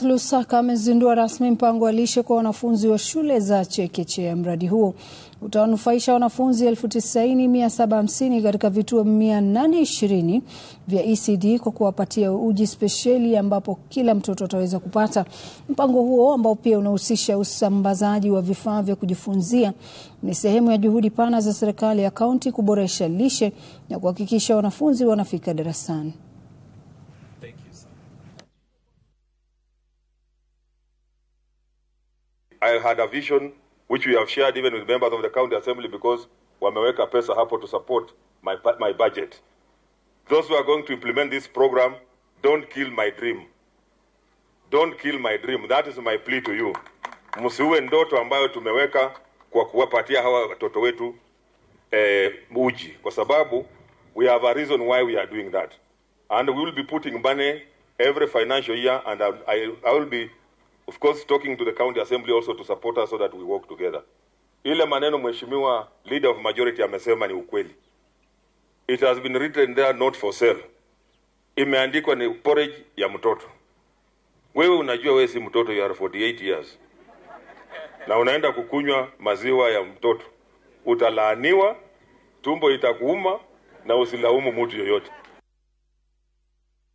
Kenneth Lusaka amezindua rasmi mpango wa lishe kwa wanafunzi wa shule za chekechea. Mradi huo utawanufaisha wanafunzi 90750 katika vituo 820 vya ECD kwa kuwapatia uji spesheli ambapo kila mtoto ataweza kupata. Mpango huo ambao pia unahusisha usambazaji wa vifaa vya kujifunzia ni sehemu ya juhudi pana za serikali ya kaunti kuboresha lishe na kuhakikisha wanafunzi wanafika darasani. I had a vision which we have shared even with members of the county assembly because wameweka pesa hapo to support my, my budget. Those who are going to implement this program, don't kill my dream. Don't kill my dream. That is my plea to you. Msiue ndoto ambayo tumeweka kwa kuwapatia hawa watoto wetu eh, uji kwa sababu we have a reason why we are doing that and we will be putting money every financial year and I, I will be of course talking to the county assembly also to support us so that we work together. Ile maneno mheshimiwa leader of majority amesema ni ukweli. It has been written there not for sale. Imeandikwa ni porridge ya mtoto. Wewe unajua wewe si mtoto, you are 48 years na unaenda kukunywa maziwa ya mtoto, utalaaniwa, tumbo itakuuma, na usilaumu mtu yoyote.